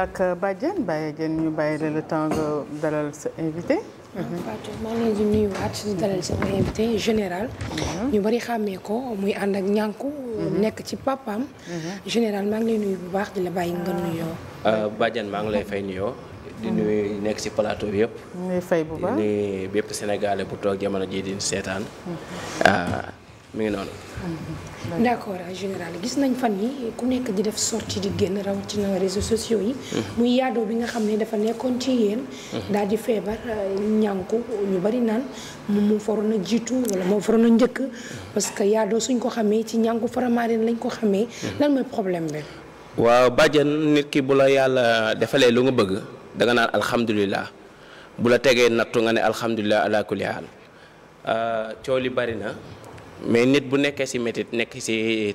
ak Badiane Baye Diène ñu bàyyi la le temps nga dalal sa invité. Mm-hmm. général. Mm-hmm. ñu bari xàmmee ko muy ànd ak ñànku. Mm-hmm. nekk ci papaam. général maa ngi lay nuyu bu baax di la bàyyi nga nuyoo. Euh, Badiane maa ngi lay fay nuyoo. di nekk ci plateau bi yëpp. nuyu bu baax bépp sénégalais bu toog jamono jii di seetaan. mu mm-hmm. ah, ngi noonu. Mm-hmm. d'accord général gis nañ fan yi ku nekk di def sortie di génn rawatina réseaux sociaux yi. Mm-hmm. muy yaadoo bi nga xam ne dafa nekkoon ci yéen. daal di feebar euh, ñànku ñu bari naan moom moo faroon a jiitu wala moo faroon na njëkk. parce que yaadoo suñ ko xamee ci ñànku Faramareen lañ ko xamee. lan mooy problème bi. waaw bàjjan nit ki bu la yàlla defalee lu nga bëgg. da nga naan alhamdulilah bu la tegee nattu nga ne alhamdulilah ala kulli haal ah, coow li bari na mais nit bu nekkee ci métit nekk ci eh,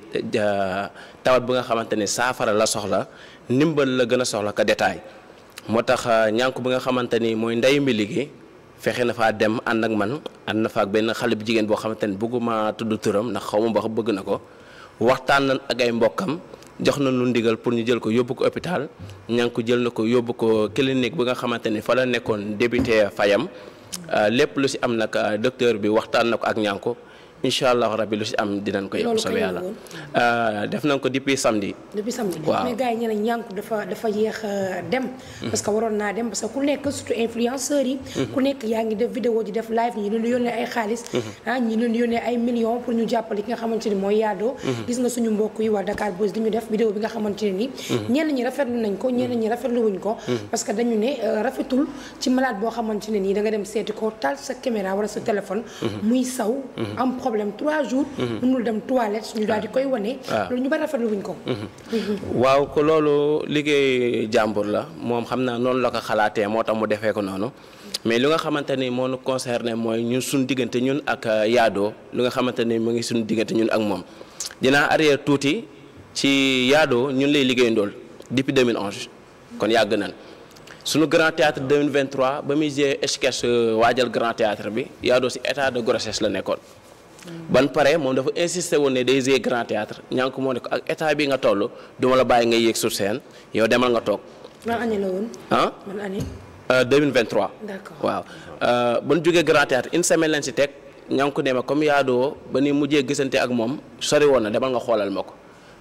tawat bu nga xamante ne saafara la soxla ndimbal la gën a soxla ka détail moo tax ah, ñànk bi nga xamante ni mooy ndey mi liggéey fexe na faa dem ànd ak man ànd na fa ak benn xale bi jigéen boo xamante ni bëgguma tudd turam ndax xaw ma ba bëgg na ko waxtaan nañ ak ay mbokkam jox na nu ndigal pour ñu jël ko yóbbu ko hôpital ñànku jël na ko yóbbu ko clinique bi nga xamante ni fa la nekkoon débuté fayam euh, lépp lu ci am na nag docteur bi waxtaan na ko ak ñànku incha allah rabi lu si am dinañ ko yëpp soobee yàlla euh, def nañ ko depuis samedi. depuis samedi euh, mm-hmm. naa dem parce que ku nekk surtout influenceurs yi. Mm-hmm. ku nekk yaa ngi def vidéo di def live mm-hmm. ah, ñu leen yónnee ni mooy yaadoo. gis def vidéo bi nga xamante ne nii. ñi rafetlu nañ ko ñenn ñi rafetlu wuñ ko. parce que dañu ne euh, rafetul ci boo xamante ne nii da nga dem seeti ko taal sa caméra wala sa téléphone. muy saw am problème trois jours. Mhm. mënul dem toilette ñu daal di koy wane. Ah. loolu ñu bari rafetlu wuñ ko. Mhm. Mhm. waaw ko loolu liggéey jàmbur la moom xam naa noonu la ko xalaatee moo tax mu defee ko noonu. mais lu nga xamante ni moo nu concerné mooy ñun suñu diggante ñun ak yaadoo lu nga xamante ni mu ngi suñu diggante ñun ak moom dinaa arrière tuuti ci yaadoo ñun lay liggéeyandool depuis 2011 kon yàgg nañ suñu grand théâtre 2023 ba muy jee waajal grand théâtre bi yaadoo si état de grossesse la nekkoon ban pare moom dafa insister woon ne day jouer grand théâtre ñànk moo ne ko ak état bi nga toll duma la bàyyi ngay yéeg sur scène yow demal nga toog. ban année la woon. ah ban année. 2023. Euh, waaw euh, ba ñu jógee grand théâtre une semaine lañ si teg ñànk ne ma comme yaadoo ba ni mujjee gisante ak moom sori woon na demal nga xoolal ma ko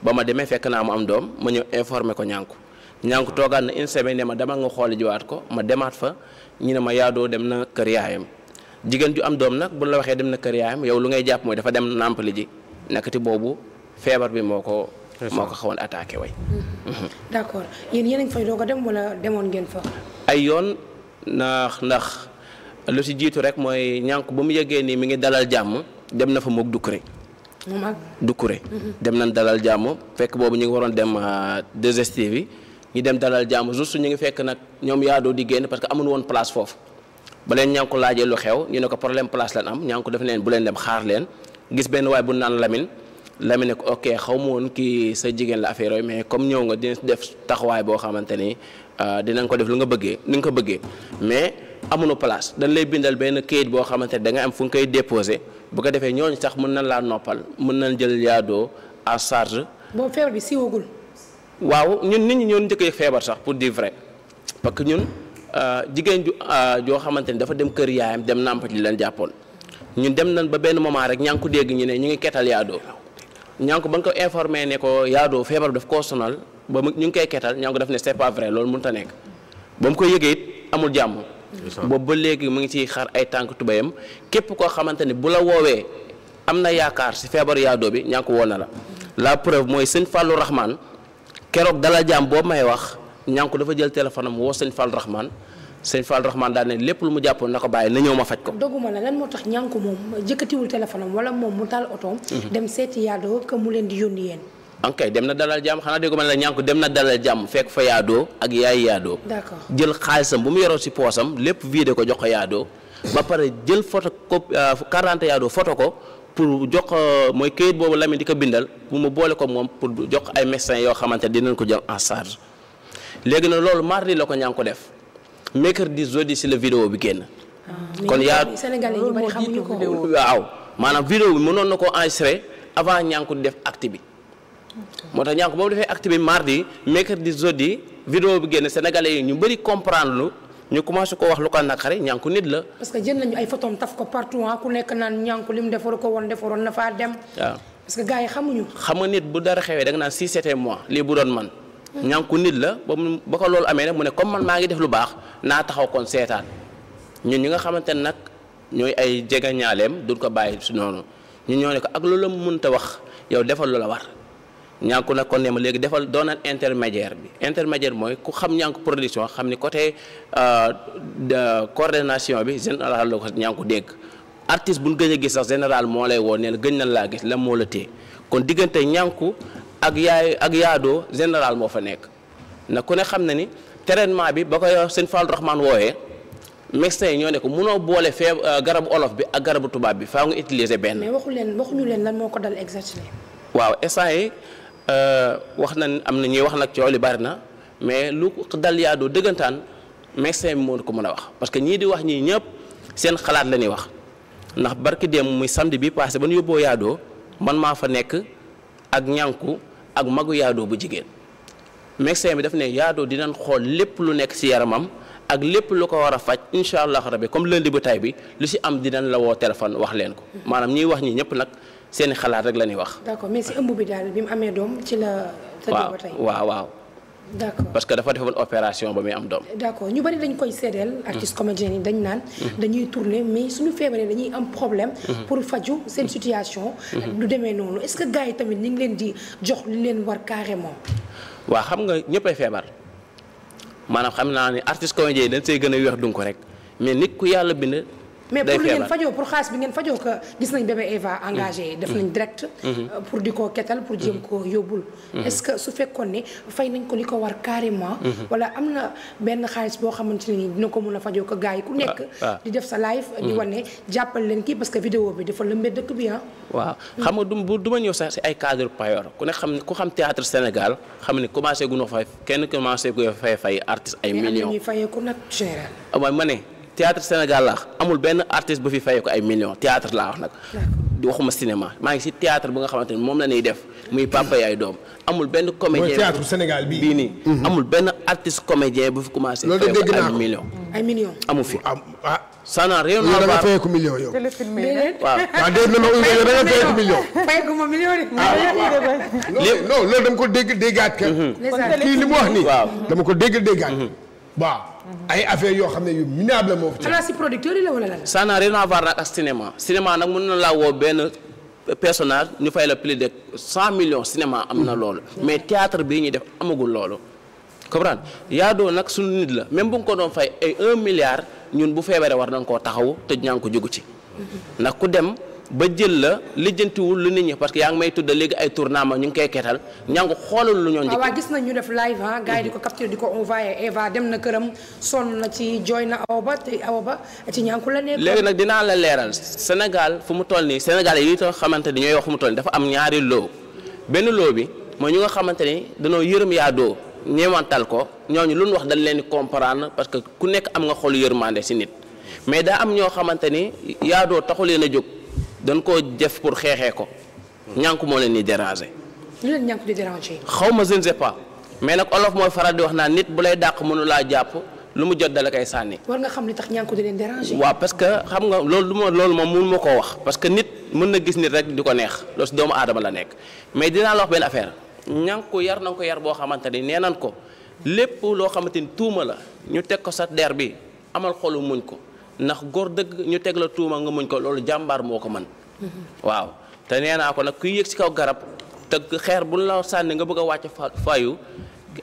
ba ma demee fekk naa mu am doom ma ñëw informé ko ñànku ñànku toogaat na une semaine ne ma demal nga xool jiwaat ko ma demaat fa ñu ne ma yaadoo dem na kër yaayam. jigéen ju am doom nag bu la waxee dem na kër yaayam yow lu ngay jàpp mooy dafa dem nàmpali ji nakati boobu feebar bi moo ko. moo ko xawoon attaqué way mm-hmm. d'accord yéen yéen a ngi fay doog a dem wala demoon ngeen fa. ay yoon ndax ndax lu si jiitu rek mooy ñànk ba mu yëgee nii mi ngi dalal jàmm dem na fa moog Dukkure. moom ak Dukkure. Mm-hmm. dem nañ dalal jàmm fekk boobu ñu ngi waroon dem euh, 2STV yi ñu dem dalal jàmm juste ñu ngi fekk nag ñoom yaadoo di génn parce que amul woon place foofu. ba leen ñaa ko laajee lu xew ñu ne ko problème place lan am ñaa ko def leen bu leen dem xaar leen gis benn waay bu naan Lamine Lamine ne ko ok xaw ma woon kii sa jigéen la affaire mais comme ñëw nga dina def taxawaay boo xamante ni euh, dinañ ko def lu nga bëggee ni nga ko bëggee mais amuñu place dañ lay bindal benn kayit boo xamante ne da nga am fu nga koy déposé bu ko defee ñooñu sax mun nañ laa noppal mën nañ jël yaadoo à charge. boobu feebar bi siiwagul. waaw ñun nit ñi ñoo njëkk a sax pour dire vrai parce que ñun. Euh, jigéen euh, joo xamante ni dafa dem kër yaayam dem nàmpa li leen jàppoon ñun dem nañ ba benn moment rek ñaa dégg ñu ne ñu ngi ketal yaadoo ñaa ngi ko ba nga ko informé ne ko yaadoo feebar bi daf koo sonal ba mu ñu ngi koy ketal ñaa ngi ko def ne c'est pas vrai loolu mun a nekk ba mu koy yëgee it amul jàmm. boobu ba léegi mu ngi ciy xar ay tànk tubéyam képp koo xamante ni bu la woowee am na yaakaar si feebaru yaadoo bi ñaa ngi woo na la la preuve mooy seen Fallou Rahman keroog dala jàmm boobu may wax ñaa dafa jël téléphone am woo sëñ Fallou Rahman sëñ Fall Rahman daal ne lépp lu mu jàppoon na ko bàyyi na ñëw ma faj ko. doguma la lan moo tax ñànku moom jëkkatiwul téléphone am moom mu taal otoom. Mhm. dem seeti yaadoo que mu leen di yónni yéen. ok dem la ñànku dem na dalal jàmm fekk fa yaadoo ak yaay yaadoo. jël xaalisam bu mu yoroo si poosam lépp vidé ko jox ko yaadoo. ba pare jël photo ko euh, quarante yaadoo photo ko. pour jox euh, mooy këyit boobu Lamine di ko bindal pour mu boole ko moom pour jox ay médecins yoo xamante dinañ ko jël en charge léegi nag loolu mardi la mercredi jeudi si la vidéo bi génn. Ah, kon yaa Sénégalais yi bari xamuñu ko waaw maanaam vidéo bi mënoon na koo enregistré avant ñànku def acte bi. tax ñànku ba mu defee acte bi mardi mercredi jeudi vidéo bi génn Sénégalais yi ñu bëri comprendre lu. ñu commencé ko wax lu ko naqari ñànku nit la. parce que jël nañu ay photo taf ko partout ah ku nekk naan li mu defaru ko woon defaroon na faa dem. waaw parce que gars yi xamuñu. xam nga nit bu dara xewee da nga naan si c'était moi lii bu doon man hmm. ñànku nit la ba mu ba ko loolu amee nag mu ne comme man maa ngi def lu baax naa taxaw kon seetaan ñun ñi nga xamante ne nag ñooy ay jega du ko bàyyi si noonu ñu ñoo ne ko ak la loola mënta wax yow defal la war ñànku nag kon ne ma léegi defal doonal intermédiaire bi intermédiaire mooy ku xam ñànku production xam ni côté euh, coordination bi général la ko ñànku dégg artiste bu ñu a gis sax général moo lay woo nee na gëj nañ laa gis la moo la téye kon diggante ñànku ak yaay ak yaadoo général moo fa nekk na ku ne xam na ni traitement bi ba ko sëñ Fallou Rahman wooyee médecin yi ñoo ne ko munoo boole fee euh, garabu olof bi ak garabu tubaab bi faa nga utiliser benn. mais waxu leen waxuñu leen lan moo ko dal exactement. waaw instant yi euh, wax nañ am na ñuy wax nag coow li bari na mais lu dal yaadoo dëggantaan médecin bi moo ko mën a wax parce que ñii di wax ñii ñëpp seen xalaat la ñuy wax ndax barki dem muy samedi bi passé ba ñu yóbboo yaadoo man maa fa nekk ak ñànku ak magu yaadoo bu jigéen. médecin bi daf ne yaadoo dinañ xool lépp lu nekk ci yaramam ak lépp lu ko war a faj incha allah rabi comme lundi bu tay bi lu si am di dinañ la woo téléphone wax leen ko maanaam ñiy wax ñi ñëpp nag seeni xalaat rek la ñuy wax. d'accord mais ci ëmb bi daal bi mu amee doom ci la. waaw waaw waaw. d'accord parce que dafa defoon opération ba muy am doom. d'accord ñu bari dañ koy seedeel. Mm-hmm. artistes comédiens yi dañ naan. Mm-hmm. dañuy tourner mais suñu feebaree dañuy am problème. Mm-hmm. pour faju seen situation. du demee noonu est-ce que gars yi tamit ñu ngi leen di jox li leen war carrément. waa xam nga ñëppay feebar maanaam xam naa ne artiste comédien dañ see gën a weex dun ko rek mais nit ku yàlla bind mais pour li ngeen fajoo pour xaalis bi ngeen fajoo que gis nañ deme Eva engagé mm. def nañ mm. direct mm-hmm. pour di ko ketal pour jéem mm-hmm. ko yóbbul mm-hmm. est-ce que su fekkoon ni fay nañ ko li ko war carrément wala am na benn xaalis boo xamante ne dina ko mun a fajoo ko gars yi ku ah, nekk ah. di def sa live di wane jàppal leen kii parce que vidéo bi dafa lëmbee dëkk bi ah waaw xam nga du du ñëw sax si ay cadre payor ku ne xam ne ku xam théâtre Sénégal xam ne commencé gu no fay kenn commencé gu fay fay ay millions fayeeku nag général ah, ma ne théâtre Sénégal laa amul benn artiste bu fi fayee ko ay millions théâtre laa wax nag di waxuma cinéma maa ngi si théâtre bu nga xamante ni moom la ñuy def muy papa yaay doom amul benn comédien théâtre bii nii mhm. amul benn artiste comédien bu fi commencé fayee ko ay millions ay millions amu fi ah. ça n'a rien à voir fayee ko millions yow waaw waaw ah, déet da ko million fayee ah. loolu dama ko dégg déggaat mhm. kii li mu wax nii dama ko dégg déggaat mhm. ay affaire yoo xam ne yu minable moo fi. xanaa si producteurs yi la wala la. ça n'a rien à voir nag ak cinéma cinéma nag mën na laa woo benn personnage ñu fay la plus de cent millions cinéma am na loolu. mais théâtre bii ñu def amagul loolu. comprendre yaa doon nag suñu nit la même bu nga ko doon fay ay un milliard ñun bu feebaree war nañ koo taxaw te ñaa ngi ko jógu ci. ndax ku dem. ba jël la lijjantiwul lu nit ñi parce que yaa ngi may tudd léegi ay tournant ma ñu ngi koy ketal ñaa ngi xoolal lu ñoo ah, njëkk gis nañ ñu def live ah gars yi di ko capture dem na këram sonn na ci jooy na awa ba te ba ci ñànku la nekk léegi nag dinaa la leeral Sénégal fu mu toll nii Sénégal yi to xamante ni ñooy wax fu mu toll nii dafa am ñaari loo benn loo bi mooy ñu nga xamante ni dañoo yërëm yaadoo doo ñeewantal ko ñooñu lu ñu wax dañ leen di comprendre parce que ku nekk am nga xolu yërmande si nit mais daa am ñoo xamante ni yaa doo leen a jóg dañ ko def pour xeexee ko. ñànk moo leen di déranger. lu leen ñànku di déranger. xaw ma je ne sais mais nag olof mooy faral di wax naa nit bu lay dàq mënu laa jàpp lu mu jot dala koy sànni. war nga xam li tax ñànku di leen déranger. waaw parce que xam nga loolu lu loolu moom mënu ma koo wax. parce que nit mën na gis nit rek di ko neex loolu si doomu aadama la nekk mais dinaa la wax benn affaire ñànku yar nañ ko yar boo xamante ni nee nañ ko lépp loo xamante ni tuuma la ñu teg ko sa der bi amal xolu muñ ko. ndax góor dëgg ñu teg la tuuma nga muñ ko loolu jàmbaar moo ko man waaw te nee naa ko nag kuy yëg ci kaw garab te xeer bu la sànni nga bëgg a wàcc fayu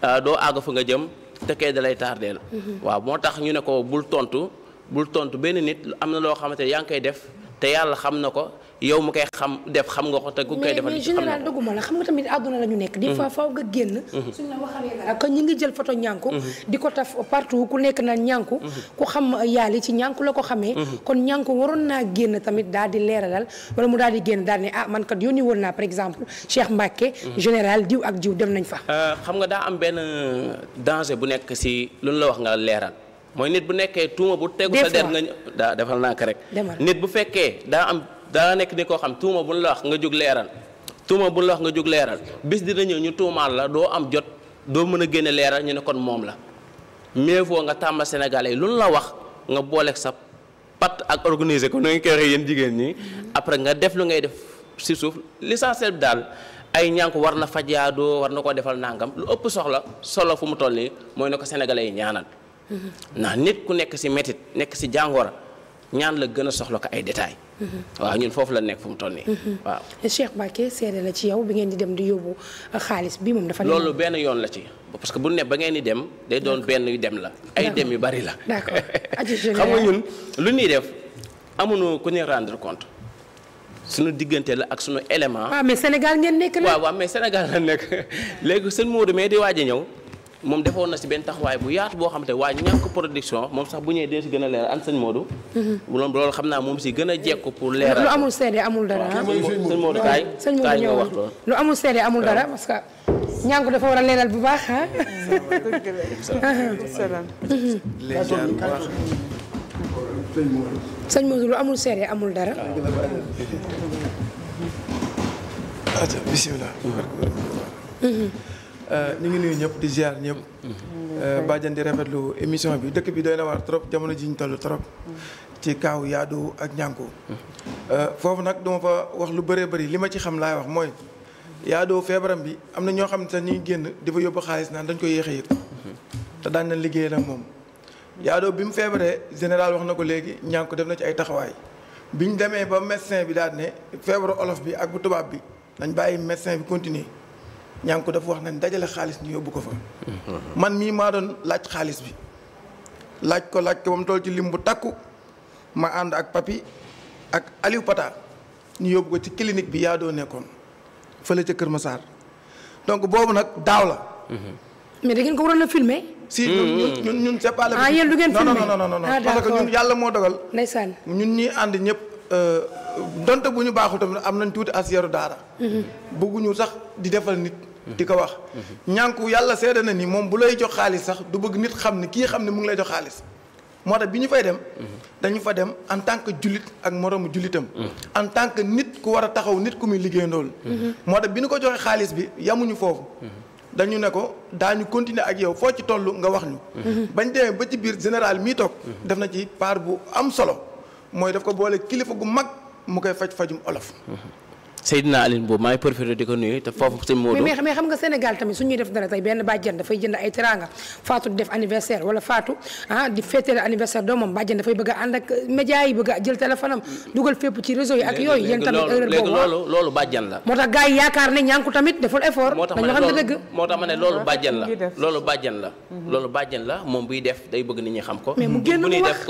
ah, doo àgg fa nga jëm te kay dalay tardeel mm-hmm. waaw moo tax ñu ne ko bul tontu bul tontu benn nit am na loo xamante ne yaa ngi koy def te yàlla xam na ko yow mu koy xam def xam nga ko te ku koy defal. mais général dëgguma la xam nga tamit àdduna la ñu nekk. des fois mhm. faw nga génn. Mhm. suñ la waxalee dara que ñi ngi jël photo ñànku. Mhm. di ko taf partout ku nekk na ñànku. ku xam yaali ci ñànku la ko xamee. kon ñànku waroon naa génn tamit daal di leeralal wala mu daal di génn daal ne ah man kat yónni woon naa par exemple Cheikh Mbacke. général diw ak diw dem nañ fa. Euh, xam nga daa am benn danger bu nekk si lu ñu la wax nga leeral. mooy nit bu nekkee tuuma bu tegu sa der daa defal naa rek nit bu fekkee daa am daa nekk ni koo xam tuuma bu la nga jóg leeral tuuma bu la nga jóg leeral bis dina ñëw ñu tuumaal la doo am jot doo mën a génne leeral ñu ne kon moom la mais foo nga tàmba sénégalais yi la wax nga booleeg sa pat ak organiser ko nu ngi yéen jigéen ñi après nga def lu ngay def si suuf l'essentiel daal ay ñànk war na fajaadoo war na ko defal nangam lu ëpp soxla solo fu mu toll nii mooy ne ko sénégalais yi ñaanal ndax nit ku nekk ci métit nekk ci jàngoro ñaan la gën a soxla ko ay détails waaw ñun foofu la nekk fu mu toll nii waaw Cheikh Mbacké seede na ci yow bi ngeen di dem di yóbbu xaalis bi moom dafa loolu benn yoon la ci parce que bu ne ba ngeen di dem day doon benn dem la ay dem yu bari la d'accord xam nga ñun lu ñuy def amuloo ku ñuy rendre compte suñu diggante la ak suñu élément waaw ah, mais Sénégal ngeen nekk la waaw waaw mais Sénégal la nekk léegi seen moo mais di waaj ñëw moom defoon na si benn taxawaay bu yaatu boo xam te waa ñàkk production moom sax bu ñëwee dee si gën a leeral an sëñ Modou. Mhm. loolu xam naa moom si gën a jekku pour leeral. lu amul seede amul dara ah. sëñ Modou kaay kaay nga wax loolu. lu amul seede amul dara parce que. ñànku dafa war a leeral bu baax ah. sëñ Modou amul seede amul dara. Euh, ñu ngi nuyu ñëpp di ziar ñëpp. Euh, bàjjan di rafetlu émission bi dëkk bi doy na waar trop jamono ji ñu tollu trop. ci kaaw yaadu ak ñànku. Euh, foofu nag duma fa wax lu bëree bëri li ma ci xam laay wax mooy. yaadoo feebaram bi am na ñoo xam ni sax ñu ngi génn dafa yóbbu xaalis naan dañ koy yéex a yëg. te daan na liggéey nag moom. yaadoo bi mu feebaree général wax na ko léegi ñànku def na ci ay taxawaay. bi ñu demee ba médecin bi daal ne feebaru olof bi ak bu tubaab bi dañ bàyyi médecin bi continuer. ñaangi ko dafa wax nañ dajale xaalis ñu yóbbu ko fa man mii maa doon laaj xaalis bi laaj ko laaj ko ba mu toll ci lim bu takku ma ànd ak papi ak Aliou Pata ñu yóbbu ko ci clinique bi yaa doo nekkoon fële ca Kër Massar donc boobu nag daaw la mais da ngeen ko waroon a filmer si ñun ñun ñun c'est pas le ah yéen du ngeen filmer non non non ah, ñun yàlla moo dogal ndeysaan ñun ñi ànd ñëpp euh, donte bu ñu baaxul tamit am nañ tuuti as yaru daara mm-hmm. bëgguñu sax di defal nit di ko wax ñànku yàlla seede na ni moom bu lay jox xaalis sax du bëgg nit xam ne kii xam ne mu ngi lay jox xaalis moo tax bi ñu fay dem dañu fa dem en tant que jullit ak moroomu jullitam en tant que nit ku war a taxaw nit ku muy liggéeyandool moo tax bi nu ko joxee xaalis bi yamuñu foofu dañu ne ko daañu continuer ak yow foo ci toll nga wax ñu bañ demee ba ci biir général mii toog def na ci part bu am solo mooy daf ko boole kilifa gu mag mu koy faj fajum olof Seydina Aline boobu maa ngi profité di ko nuyu te foofu sëñ Modou mais mais xam nga Sénégal tamit su ñuy def dara tey benn bàjjan dafay jënd ay teranga Fatou def anniversaire wala Fatou ah, di fêter anniversaire doomam bàjjan a ànd ak média a jël téléphone am dugal fépp ci réseau ah. la moo tax gars yi yaakaar ne ñànku tamit deful effort dañu xam dëgg moo tax ma ne loolu bàjjan la loolu bàjjan la mhm. la moom buy def day bëgg nit ñi xam ko mais mu génn mu wax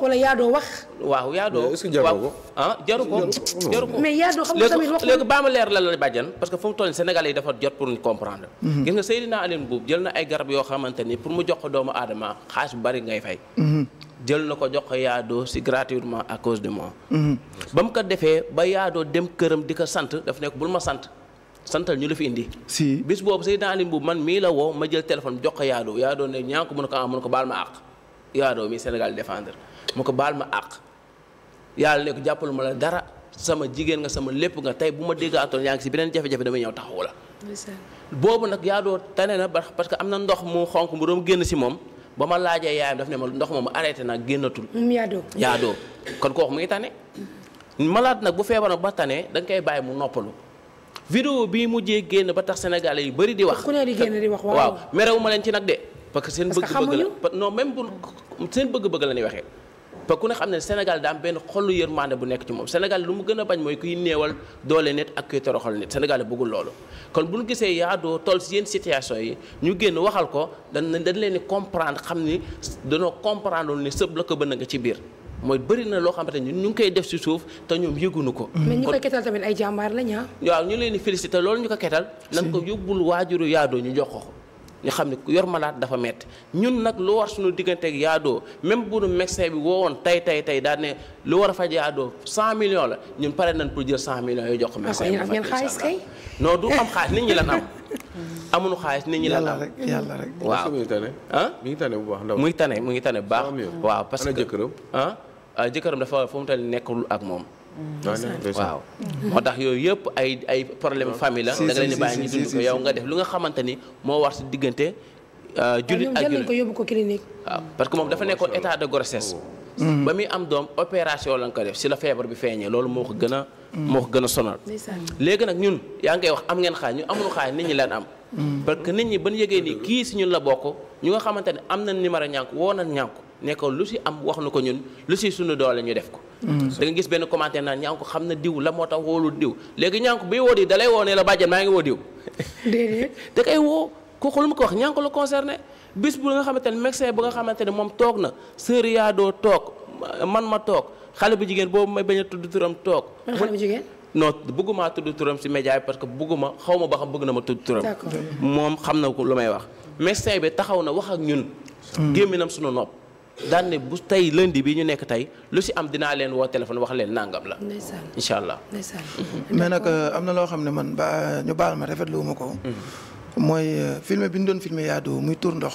bu ñuy wax waaw yaadoo. est-ce que jaru ko ah jaru ko. jaru ko mais yaadoo xam nga tamit wax léegi baa ma leer la la bàjjan parce que fu mu toll nii Sénégal yi dafa jot pour ñu comprendre. Mhm. gis nga Seydina Alioune Mboup jël na ay garab yoo xamante pour mu jox ko aadama xaalis bu bari ngay fay. Mhm. jël na ko jox yaadoo si gratuitement à cause de moi. Mhm. ba mu ko defee ba yaadoo dem këram di ko sant daf nekk bul ma sant. santal ñu la fi indi. bis boobu Seydina Alioune Mboup man mii la woo ma jël téléphone jox yaadoo yaadoo yàlla ne ko jàppal ma la dara sama jigéen nga sama lépp nga tey bu ma dégg atoon yaa ngi si beneen jafe-jafe damay ñëw taxawu la. boobu nag yaa tane na parce que am na ndox mu xonq mu doon génn si moom ba ma laajee yaayam daf ne ma ndox moomu arrêté na génnatul. yaadoo mm, yaadoo kon kooku mu ngi tane. malade nag bu feebaroon ba tane da koy bàyyi mu noppalu. vidéo bii mujjee génn ba tax sénégalais yi bëri di wax. ku ne di génn di wax waaw. merewu ma leen ci nag de. parce que seen bëgg-bëgg la non même bu seen bëgg-bëgg la ñuy waxee. parce que ku ne xam ne Sénégal daa benn benn xolu yërmande bu nekk ci moom Sénégal lu mu gën a bañ mooy kuy néewal doole nit ak kuy toroxal nit Sénégal bëggul loolu. kon bu ñu gisee yaadoo toll si yenn situation yi ñu génn waxal ko dañ dañ leen di comprendre xam ni danoo comprendre ni sëb la ko bëgg nga ci biir. mooy bëri na loo xamante ñun ñu ngi koy def ci suuf te ñoom yëgunu ko. mais ñi koy ketal tamit ay jàmbaar lañ ah. waaw ñu leen di félicité loolu ñu ko ketal. nañ ko yóbbul waajuru yaadoo ñu jox ko. ñu xam ne ku yor malaat dafa metti ñun nag lu war suñu diggante ak yaadoo même bu nu médecin bi woowoon tey tey tey daal ne lu war a faj yaadoo 100 millions la ñun pare nañ pour jël cent millions yooyu jox ko médecin bi ah, non du am xaalis nit ñi lan am amuñu xaalis nit ñi lan am yàlla rek waaw mi ngi tane ah mi ngi tane bu mu ngi tane mu ngi tane baax waaw parce que jëkkëram ah jëkkëram dafa fu mu toll nekkul ak moom Mm. waaw moo tax yooyu yëpp ay ay problème famille la da nga leen yow nga def lu nga xamante ni moo war si diggante euh, jullit ak jullit ko yóbbu ko clinique waaw parce que moom dafa nekkoon état de grossesse mm. ba muy am doom opération la nga ko def si la feebar bi feeñee loolu moo ko gën a mm. moo ko gën a sonal léegi nag ñun yaa ngay wax am ngeen xaar ñu amul xaar nit ñi leen am parce que nit ñi ban yëgee ni kii si ñun la bokk ñu nga xamante ne am na numéro ñànk woo na ñànk nekkoon lu si am wax na ko ñun lu si sunu doole ñu def ko Mm. da nga gis benn commentaire naan ñaanku xam na diw la moo tax wóolu diw léegi ñaanku bi woo diw dalay woo ne la bàjjen maa ngi woo diw déedéet da kay woo kooku lu mu ko wax ñaanku la concerné bis bu nga xamante ne médecin bu nga xamante ne moom toog na sër doo toog man ma toog xale bu jigéen boobu may bañ a tudd turam toog xale bu jigéen non bëgguma tudd turam si média parce que bëgguma xaw ma ba xam bëgg na ma tudd turam moom xam na lu may wax médecin bi taxaw na wax ak ñun mm. gémminam sunu nopp daan bu tey lundi bi ñu nekk tey lu si am dinaa leen woo téléphone wax leen nangam la. incha allah mais nag euh, am na loo xam ne man ba ñu baal ma rafetlu wu ma ko. Mm-hmm. mooy euh, filmé bi ñu doon filmé yaadoo muy tur ndox.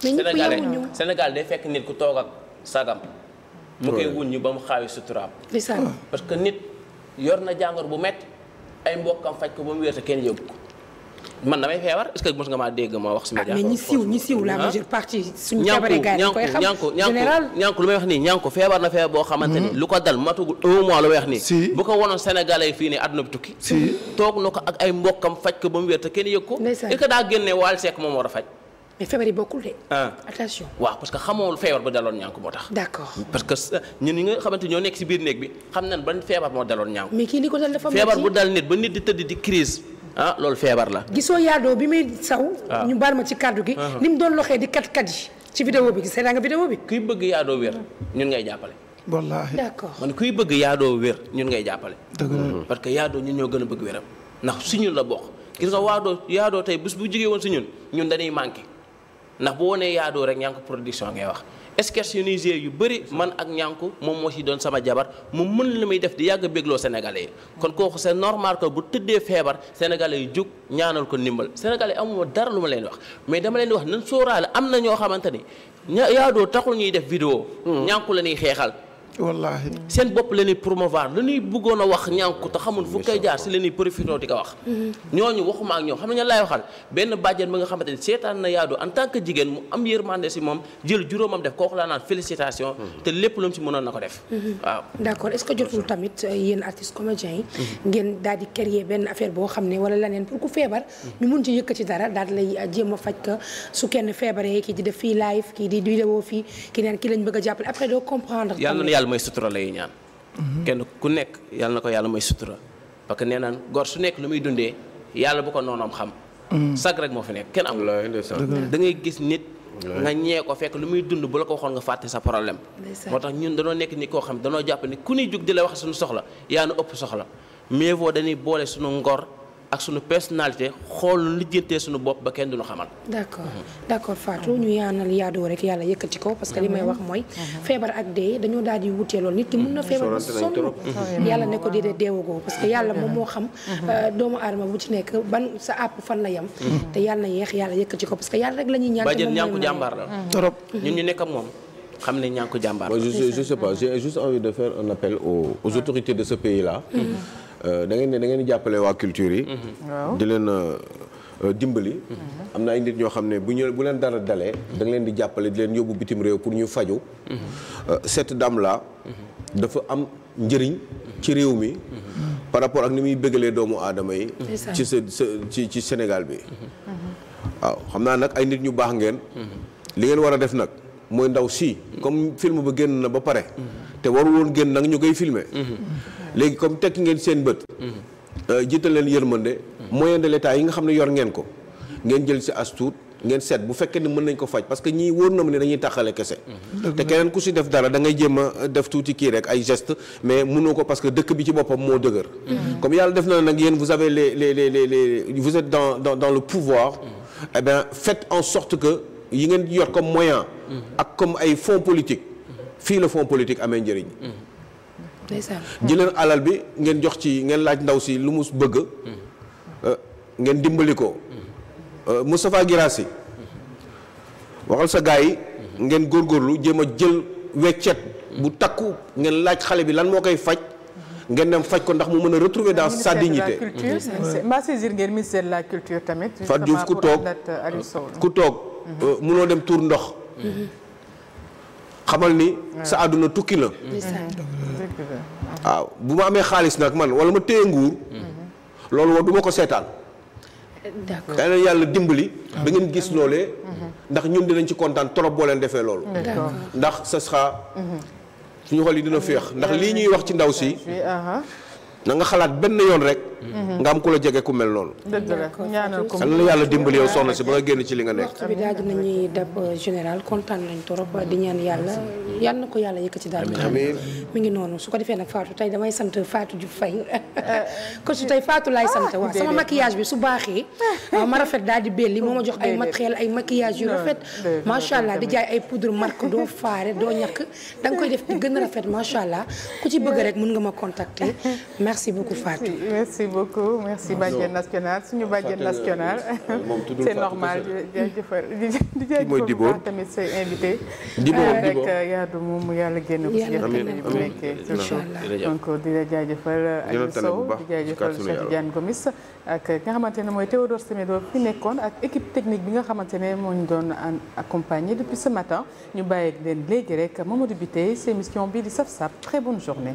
Sénégal Sénégal day fekk nit ku toog ak sagam. mu koy wuññi ba mu xaawi suturaam. Ah. parce que nit yor na jàngor bu mett ay mbokkam faj ko ba mu wér te kenn yóbbu ko man damay feebar ah, ah? xam général lu may wax nii ñànku feebar na feebar boo xamante ni. Hmm. ko dal matugul un mois lu may ak ay mbokkam faj ko ba mu kenn yëg ko. est-ce daa génne Wally Seck moom war a faj. mais feebar yi bokkul de. Ah. attention waaw parce que xamoo feebar bu daloon ñànku moo tax. d'accord parce que ñun xamante ñoo nekk ci biir néeg bi xam nañ ban feebar moo daloon ñànku. mais kii li ko ah, loolu feebar la. gisoo yaadoo bi muy saw. Ah. ñu baal ma ci kàddu gi. ni mu doon loxee di kat kat yi. ci vidéo bi gis nga vidéo bi. jàppale. wallaahi d'accord man kuy bëgg yaadoo ñun ngay jàppale. Mm-hmm. parce que yaadoo ñoo gën a bëgg wéram ndax suñu la bokk gis nga waadoo yaadoo tey bés bu jigee woon si ñun ñun dañuy manqué ndax boo wonee yaadoo rek ñànku production ngay wax excursionnisé yu bëri man ak ñànk moom moo ci doon sama jabar mu mën la muy def di yàgg a bégloo sénégalais kon kooku c'est normal que bu tëddee feebar sénégalais yi jug ñaanal ko ndimbal sénégalais amuma dara lu ma leen wax mais dama leen di wax nan sóoraale am na ñoo xamante ni ña yaadoo taxul ñuy def vidéo hmm. ñànku la ñuy xeexal wallaahi seen bopp la ñuy promouvoir la ñuy bëggoon a wax ñànku te xamul fu koy jaar si la ñuy profité di wax. Mm-hmm. ñooñu waxuma ak ñoom xam nañu laay waxal benn bàjjen bi nga xamante seetaan na yaadu en tant que jigéen mu am yërmande si moom jël juróomam def kooku laa naan félicitation. Mm-hmm. te lépp lu mu si na ko def. Mm-hmm. waaw d' accord est ce que jotul tamit euh, yéen artistes comédiens yi. ngeen daal di créer benn affaire boo xam ne wala leneen pour ku feebar. yàlla may sutura lay ñaan. kenn ku nekk yàlla na ko yàlla may sutura. parce que nee naan gor su nekk lu muy dundee yàlla bu ko noonoom xam. Mm. sag rek moo fi nekk kenn amul. da gis nit. nga ñee ko fekk lu muy dund bu la ko waxoon nga fàtte sa problème. moo tax ñun danoo nekk ni koo xam danoo jàpp ni ku ñuy jug di la wax suñu soxla yaa nu ëpp soxla. mais boo boole suñu ngor. ak sunu personnalité xool lijjantee sunu bopp ba kenn duñu xamal. d' accord d' ñu yaanal yaadoo rek yàlla yëkkati ko parce li may wax mooy. feebar ak dee dañoo daal di wutee lool nit ki mun na mm-hmm. feebar ba sonn. Ah yàlla ne ko déedéet deewagoo parce que yàlla moom moo xam. Mm-hmm. Euh, doomu aadama bu ci nekk ban sa àpp fan la yem. Mm-hmm. te yàlla yeex yàlla yëkkati ko parce yàlla rek la ñuy ñaan. bàjjen ñànku jàmbaar la trop ñun ñu nekk moom. xam ne ñànku jàmbaar Euh, da ngeen ne da ngeen jàppale waa culture yi. Mm-hmm. di leen euh, euh, dimbali. Mm-hmm. am na ay nit ñoo xam ne bu ñu bu leen dara dalee. da leen di jàppale di leen yóbbu bitim réew pour ñu faju mm-hmm. cette dame là. dafa am njëriñ ci réew mi. par rapport ak ni muy bëggalee doomu aadama yi. ci sa ci ci Sénégal bi. waaw xam naa nag ay nit ñu baax ngeen. li ngeen war a def nag mooy ndaw si. comme film ba génn na ba pare. te waru woon génn nag ñu koy filmer léegi comme tekk ngeen seen bët. Euh, jiital leen yërmande. moyen de l'état yi nga xam ne yor ngeen ko. ngeen jël si as tuut ngeen seet bu fekkee ne mën nañ ko faj parce que ñii wóor na ma ne dañuy taxale kese. te keneen ku si def dara da ngay a def tuuti kii rek ay geste mais mënoo ko parce que dëkk bi ci boppam moo dëgër. Mm-hmm. comme yàlla def na nag yéen vous avez les les les les vous êtes dans dans dans le pouvoir. Mm-hmm. eh bien en sorte que yi ngeen yor comme moyen. Mm-hmm. ak comme ay fonds politique fii la fonds amee njëriñ. jëleen alal bi ngeen jox ci ngeen laaj ndaw si lu mu bëgg euh, ngeen dimbali ko euh, Moustapha Guirassy waxal sa gars yi ngeen góorgóorlu jéem a jël weccet bu takku ngeen laaj xale bi lan moo koy faj ngeen dem faj ko ndax mu mën a retrouver dans sa dignité mbaa saisir ngeen ministère de la culture tamit Fatou Diouf ku toog ku toog mhm. euh, munoo dem tuur ndox mhm. xamal ni sa àdduna tukki la waaw bu ma amee xaalis nag man wala ma téye nguur mm-hmm. loolu woo du ko seetaan d'accord da leen yàlla dimbali da ngeen gis loolee mm-hmm. ndax ñun dinañ ci kontaan trop boo leen defee loolu ndax ce sera mm-hmm. suñu xol yi dina féex ndax lii ñuy wax ci ndaw si na nga xalaat benn yoon rek. Mhm. nga am ku la jege ku mel noonu. dëgg la ko la yàlla dimbali yow soxna si ba nga génn ci li nga nekk. waxtu bi daaj nañuy dab euh, général kontaan nañ trop euh, di ñaan yàlla yal na ko yàlla ci daal. amiin mi ngi noonu su ko defee nag Fatou tey damay sant Fatou ju Faye ko euh, su tey Fatou laay sant ah, waaw sama maquillage bi su baaxee ma rafet daal di belli moo ma jox ay matériel ay maquillage yu rafet. macha allah di jaay ay poudre marque doo faare doo ñàkk da nga koy def gën rafet macha allah ku ci bëgg rek mën nga ma contacter. merci beaucoup Fatou. merci beaucoup merci Badiane nationale suñu Badiane euh, nationale. Euh, moom tuddul c'est normal di jaajëfal di jaajëfal ah, tamit say invité. Dibor euh, Dibor rek Yadou moom yàlla génn ko ci bu nekkee surtout donc di la jaajëfal Aliou Sow di jaajëfal Cheikh Diane Gomis ak nga xamante ne mooy Théodore Semedo fi nekkoon ak équipe technique bi nga xamante ne moo ñu doon accompagné depuis ce matin ñu bàyyi leen léegi rek Mamadou Biteye ci émission bi di Saf Sap très bonne journée.